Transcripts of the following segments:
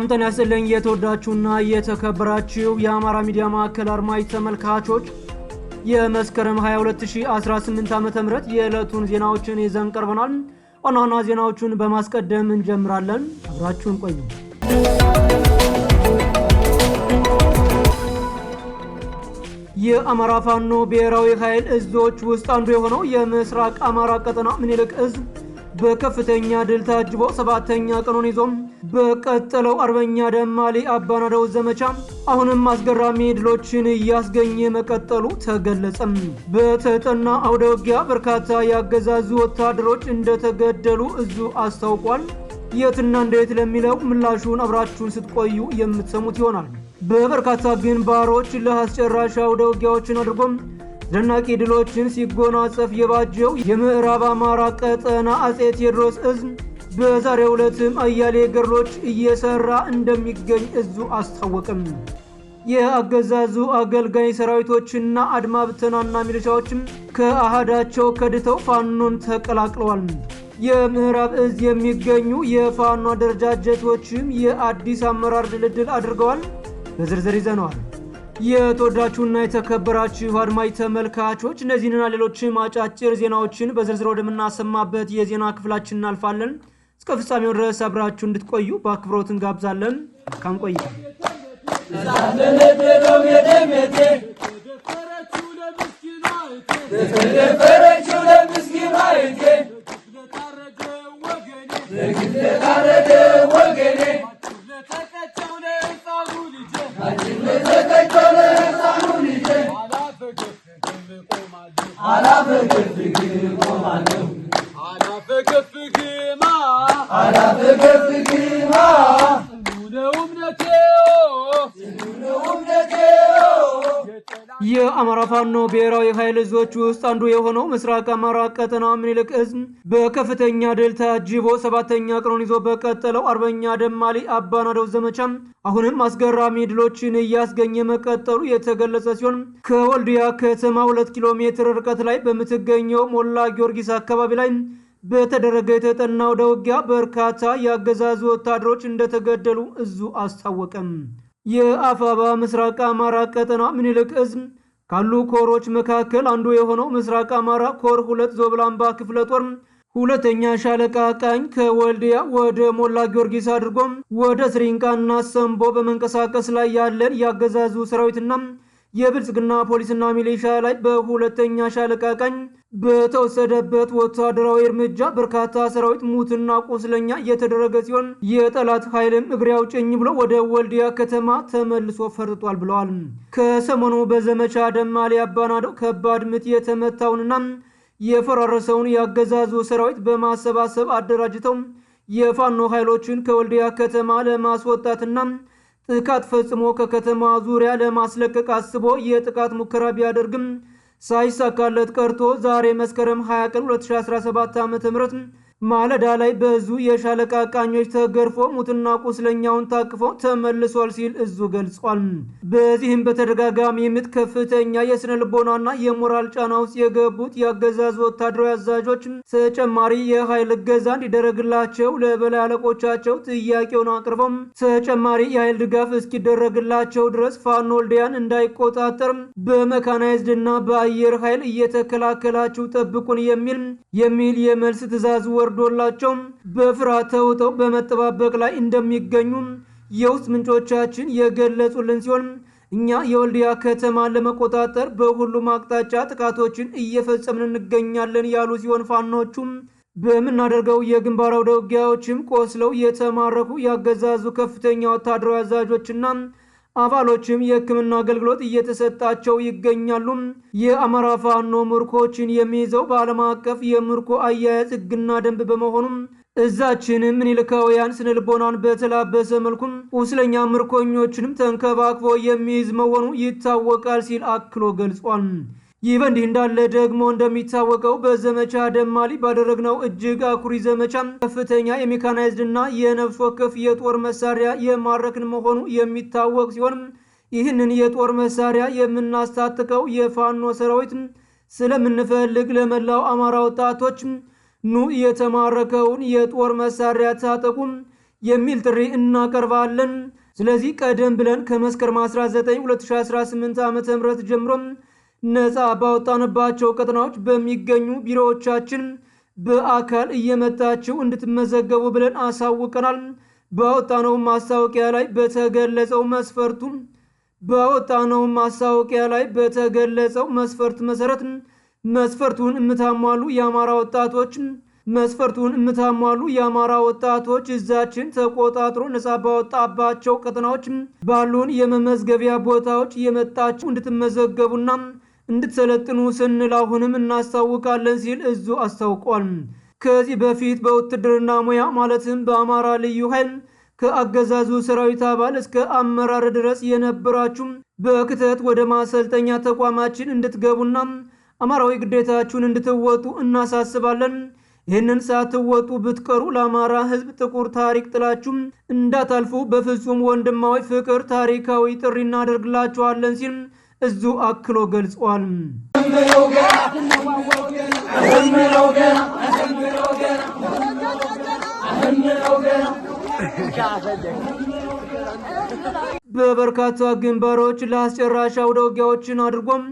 ሰላም ጤና ይስጥልኝ የተወዳችሁና የተከበራችሁ የአማራ ሚዲያ ማዕከል አድማጭ ተመልካቾች የመስከረም 22018 ዓ ም የዕለቱን ዜናዎችን ይዘን ቀርበናል። ዋና ዋና ዜናዎቹን በማስቀደም እንጀምራለን። አብራችሁን ቆዩ። የአማራ ፋኖ ብሔራዊ ኃይል እዞች ውስጥ አንዱ የሆነው የምስራቅ አማራ ቀጠና ምኒልክ እዝ በከፍተኛ ድል ታጅቦ ሰባተኛ ቀኑን ይዞም በቀጠለው አርበኛ ደማሊ አባናዳው ዘመቻ አሁንም አስገራሚ ድሎችን እያስገኘ መቀጠሉ ተገለጸም። በተጠና አውደ ውጊያ በርካታ ያገዛዙ ወታደሮች እንደተገደሉ እዙ አስታውቋል። የትና እንዴት ለሚለው ምላሹን አብራችሁን ስትቆዩ የምትሰሙት ይሆናል። በበርካታ ግንባሮች ለአስጨራሽ አውደ ውጊያዎችን አድርጎም አስደናቂ ድሎችን ሲጎናጸፍ የባጀው የምዕራብ አማራ ቀጠና አጼ ቴዎድሮስ እዝም? በዛሬው ዕለትም አያሌ ገድሎች እየሰራ እንደሚገኝ እዙ አስታወቅም። የአገዛዙ አገልጋይ ሰራዊቶችና አድማ ብተናና ሚሊሻዎችም ከአሃዳቸው ከድተው ፋኖን ተቀላቅለዋል። የምዕራብ እዝ የሚገኙ የፋኖ አደረጃጀቶችም የአዲስ አመራር ድልድል አድርገዋል። በዝርዝር ይዘነዋል። የተወዳችሁና የተከበራችሁ አድማጭ ተመልካቾች እነዚህንና ሌሎችም አጫጭር ዜናዎችን በዝርዝር ወደምናሰማበት የዜና ክፍላችን እናልፋለን። እስከ ፍጻሜው ድረስ አብራችሁ እንድትቆዩ በአክብሮት እንጋብዛለን። ካም ቆይታ ተደፈረችው ለምስኪኗ የአማራ ፋኖ ብሔራዊ ኃይል እዞች ውስጥ አንዱ የሆነው ምስራቅ አማራ ቀጠና ምኒልክ እዝ በከፍተኛ ድል ታጅቦ ሰባተኛ ቀኑን ይዞ በቀጠለው አርበኛ ደማሊ አባናደው ዘመቻ አሁንም አስገራሚ ድሎችን እያስገኘ መቀጠሉ የተገለጸ ሲሆን ከወልዲያ ከተማ ሁለት ኪሎ ሜትር ርቀት ላይ በምትገኘው ሞላ ጊዮርጊስ አካባቢ ላይ በተደረገ የተጠናው ደውጊያ በርካታ የአገዛዙ ወታደሮች እንደተገደሉ እዙ አስታወቀም። የአፋባ ምስራቅ አማራ ቀጠና ምኒልክ እዝ ካሉ ኮሮች መካከል አንዱ የሆነው ምስራቅ አማራ ኮር ሁለት ዞብላምባ ክፍለ ጦር ሁለተኛ ሻለቃ ቃኝ ከወልዲያ ወደ ሞላ ጊዮርጊስ አድርጎም ወደ ስሪንቃና ሰምቦ በመንቀሳቀስ ላይ ያለን ያገዛዙ ሰራዊትና የብልጽግና ፖሊስና ሚሊሻ ላይ በሁለተኛ ሻለቃ ቀኝ በተወሰደበት ወታደራዊ እርምጃ በርካታ ሰራዊት ሙትና ቁስለኛ እየተደረገ ሲሆን የጠላት ኃይልም እግሬ ጭኝ ብሎ ወደ ወልዲያ ከተማ ተመልሶ ፈርጧል ብለዋል። ከሰሞኑ በዘመቻ ደማሌ አባናደው ከባድ ምት የተመታውንና የፈራረሰውን ያገዛዙ ሰራዊት በማሰባሰብ አደራጅተው የፋኖ ኃይሎችን ከወልዲያ ከተማ ለማስወጣትና ጥቃት ፈጽሞ ከከተማ ዙሪያ ለማስለቀቅ አስቦ የጥቃት ሙከራ ቢያደርግም ሳይሳካለት ቀርቶ ዛሬ መስከረም 20 ቀን 2017 ም ማለዳ ላይ በዙ የሻለቃ ቃኞች ተገርፎ ሙትና ቁስለኛውን ታቅፎ ተመልሷል ሲል እዙ ገልጿል። በዚህም በተደጋጋሚ ምት ከፍተኛ የስነ ልቦናና የሞራል ጫና ውስጥ የገቡት የአገዛዙ ወታደራዊ አዛዦች ተጨማሪ የኃይል እገዛ እንዲደረግላቸው ለበላይ አለቆቻቸው ጥያቄውን አቅርበው ተጨማሪ የኃይል ድጋፍ እስኪደረግላቸው ድረስ ፋኖ ወልዲያን እንዳይቆጣጠር በመካናይዝድ እና በአየር ኃይል እየተከላከላችሁ ጠብቁን የሚል የሚል የመልስ ትዕዛዝ ወር ወርዶላቸው በፍርሃት ተውጠው በመጠባበቅ ላይ እንደሚገኙ የውስጥ ምንጮቻችን የገለጹልን ሲሆን እኛ የወልዲያ ከተማን ለመቆጣጠር በሁሉም አቅጣጫ ጥቃቶችን እየፈጸምን እንገኛለን ያሉ ሲሆን ፋኖቹም በምናደርገው የግንባር አውደ ውጊያዎችም ቆስለው የተማረኩ ያገዛዙ ከፍተኛ ወታደራዊ አዛዦችና አባሎችም የህክምና አገልግሎት እየተሰጣቸው ይገኛሉ። የአማራ ፋኖ ምርኮችን የሚይዘው በዓለም አቀፍ የምርኮ አያያዝ ህግና ደንብ በመሆኑም እዛችን ምኒልካውያን ስነልቦናን በተላበሰ መልኩም ቁስለኛ ምርኮኞችንም ተንከባክቦ የሚይዝ መሆኑ ይታወቃል ሲል አክሎ ገልጿል። ይህ በእንዲህ እንዳለ ደግሞ እንደሚታወቀው በዘመቻ ደማሊ ባደረግነው እጅግ አኩሪ ዘመቻ ከፍተኛ የሜካናይዝድ እና የነፍስ ወከፍ የጦር መሳሪያ የማረክን መሆኑ የሚታወቅ ሲሆን ይህንን የጦር መሳሪያ የምናስታጥቀው የፋኖ ሰራዊት ስለምንፈልግ ለመላው አማራ ወጣቶች ኑ የተማረከውን የጦር መሳሪያ ታጠቁ የሚል ጥሪ እናቀርባለን። ስለዚህ ቀደም ብለን ከመስከረም 19 2018 ዓ ም ጀምሮ ነፃ ባወጣንባቸው ቀጠናዎች በሚገኙ ቢሮዎቻችን በአካል እየመጣችሁ እንድትመዘገቡ ብለን አሳውቀናል። ባወጣነው ማስታወቂያ ላይ በተገለጸው መስፈርቱ ባወጣነው ማስታወቂያ ላይ በተገለጸው መስፈርት መሰረት መስፈርቱን የምታሟሉ የአማራ ወጣቶች መስፈርቱን የምታሟሉ የአማራ ወጣቶች እዛችን ተቆጣጥሮ ነፃ ባወጣባቸው ቀጠናዎች ባሉን የመመዝገቢያ ቦታዎች እየመጣችሁ እንድትመዘገቡና እንድትሰለጥኑ ስንል አሁንም እናስታውቃለን ሲል እዙ አስታውቋል። ከዚህ በፊት በውትድርና ሙያ ማለትም በአማራ ልዩ ኃይል ከአገዛዙ ሰራዊት አባል እስከ አመራር ድረስ የነበራችሁ በክተት ወደ ማሰልጠኛ ተቋማችን እንድትገቡና አማራዊ ግዴታችሁን እንድትወጡ እናሳስባለን። ይህንን ሳትወጡ ብትቀሩ ለአማራ ሕዝብ ጥቁር ታሪክ ጥላችሁ እንዳታልፉ በፍጹም ወንድማዊ ፍቅር ታሪካዊ ጥሪ እናደርግላችኋለን ሲል እዙ አክሎ ገልጿል። በበርካታ ግንባሮች ለአስጨራሽ አውደ ውጊያዎችን አድርጎም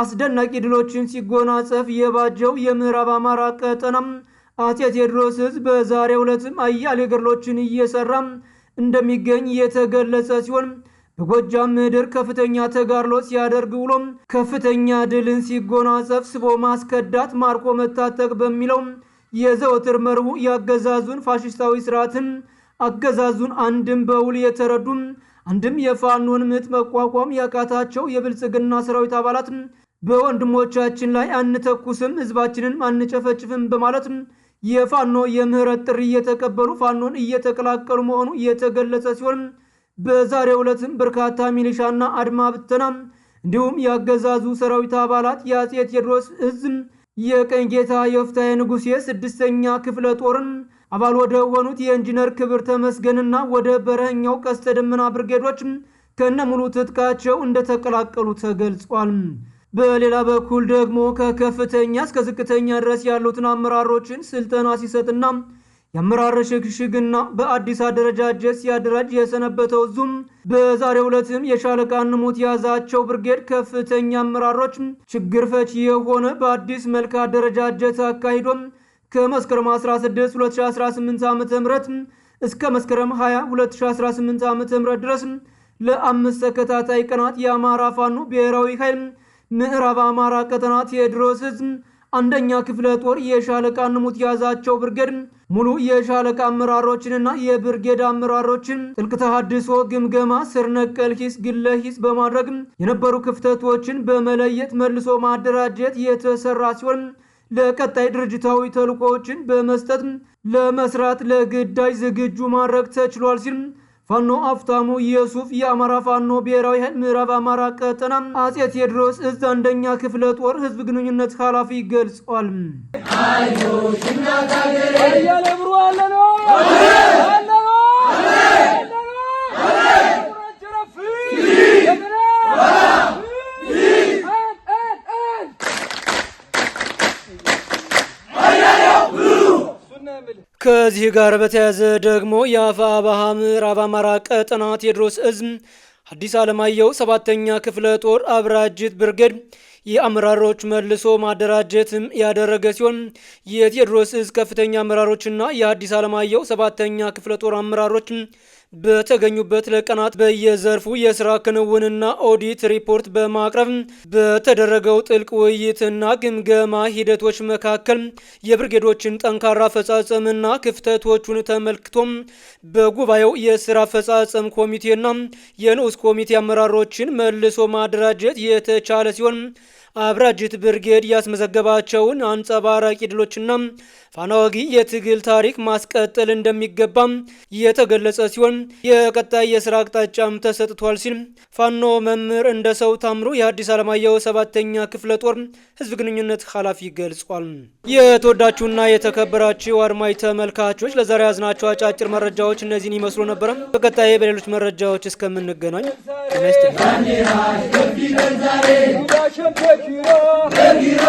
አስደናቂ ድሎችን ሲጎናጸፍ የባጀው የምዕራብ አማራ ቀጠናም አፄ ቴዎድሮስ ህዝ በዛሬው ዕለትም አያሌ ገድሎችን እየሰራ እንደሚገኝ የተገለጸ ሲሆን በጎጃም ምድር ከፍተኛ ተጋድሎ ሲያደርግ ውሎም ከፍተኛ ድልን ሲጎናጸፍ ስቦ ማስከዳት ማርኮ መታጠቅ በሚለው የዘወትር መርሁ የአገዛዙን ፋሽስታዊ ስርዓትን አገዛዙን አንድም በውል የተረዱም አንድም የፋኖን ምጥ መቋቋም ያቃታቸው የብልጽግና ሰራዊት አባላት በወንድሞቻችን ላይ አንተኩስም፣ ህዝባችንን አንጨፈጭፍም በማለት የፋኖ የምህረት ጥሪ እየተቀበሉ ፋኖን እየተቀላቀሉ መሆኑ እየተገለጸ ሲሆን በዛሬ ዕለትም በርካታ ሚሊሻና አድማ ብተና እንዲሁም ያገዛዙ ሰራዊት አባላት የአጼ ቴዎድሮስ እዝም የቀኝ ጌታ የፍታዬ ንጉሴ ስድስተኛ ክፍለ ጦርን አባል ወደ ሆኑት የኢንጂነር ክብር ተመስገንና ወደ በረኛው ቀስተ ደመና ብርጌዶች ከነ ሙሉ ትጥቃቸው እንደተቀላቀሉ ተገልጿል። በሌላ በኩል ደግሞ ከከፍተኛ እስከ ዝቅተኛ ድረስ ያሉትን አመራሮችን ስልጠና ሲሰጥና የአመራር ሽግሽግና በአዲስ አደረጃጀት ሲያደራጅ የሰነበተው ዙም በዛሬው ዕለትም የሻለቃ ንሙት የያዛቸው ብርጌድ ከፍተኛ አመራሮች ችግር ፈች የሆነ በአዲስ መልክ አደረጃጀት አካሂዶም ከመስከረም 16 2018 ዓ ም እስከ መስከረም 20 2018 ዓ ም ድረስ ለአምስት ተከታታይ ቀናት የአማራ ፋኖ ብሔራዊ ኃይል ምዕራብ አማራ ቀጠናት የድሮስ አንደኛ ክፍለ ጦር የሻለቃ ንሙት የያዛቸው ብርጌድ ሙሉ የሻለቃ አመራሮችንና የብርጌድ አመራሮችን ጥልቅ ተሃድሶ ግምገማ፣ ስር ነቀል ሂስ፣ ግለ ሂስ በማድረግ የነበሩ ክፍተቶችን በመለየት መልሶ ማደራጀት የተሰራ ሲሆን ለቀጣይ ድርጅታዊ ተልእኮዎችን በመስጠት ለመስራት ለግዳጅ ዝግጁ ማድረግ ተችሏል ሲል ፋኖ አፍታሙ ኢየሱፍ የአማራ ፋኖ ብሔራዊ ኃይል ምዕራብ አማራ ቀጠና አጼ ቴዎድሮስ እዝ አንደኛ ክፍለ ጦር ህዝብ ግንኙነት ኃላፊ ገልጿል። ከዚህ ጋር በተያያዘ ደግሞ የአፋባሃ ምዕራብ አማራ ቀጠና ቴዎድሮስ እዝ አዲስ ዓለማየሁ ሰባተኛ ክፍለ ጦር አብራጅት ብርጌድ የአመራሮች መልሶ ማደራጀትም ያደረገ ሲሆን የቴዎድሮስ እዝ ከፍተኛ አመራሮችና የአዲስ ዓለማየሁ ሰባተኛ ክፍለ ጦር አመራሮች በተገኙበት ለቀናት በየዘርፉ የስራ ክንውንና ኦዲት ሪፖርት በማቅረብ በተደረገው ጥልቅ ውይይትና ግምገማ ሂደቶች መካከል የብርጌዶችን ጠንካራ አፈጻጸምና ክፍተቶቹን ተመልክቶም በጉባኤው የስራ አፈጻጸም ኮሚቴና የንዑስ ኮሚቴ አመራሮችን መልሶ ማደራጀት የተቻለ ሲሆን አብራጅት ብርጌድ ያስመዘገባቸውን አንጸባራቂ ድሎችና ፋናዋጊ የትግል ታሪክ ማስቀጠል እንደሚገባም የተገለጸ ሲሆን የቀጣይ የስራ አቅጣጫም ተሰጥቷል ሲል ፋኖ መምህር እንደ ሰው ታምሮ የአዲስ አለማየሁ ሰባተኛ ክፍለ ጦር ህዝብ ግንኙነት ኃላፊ ገልጿል። የተወዳችሁና የተከበራችሁ አድማጭ ተመልካቾች ለዛሬ ያዝናቸው አጫጭር መረጃዎች እነዚህን ይመስሉ ነበረ። በቀጣይ በሌሎች መረጃዎች እስከምንገናኝ Bekira. Bekira.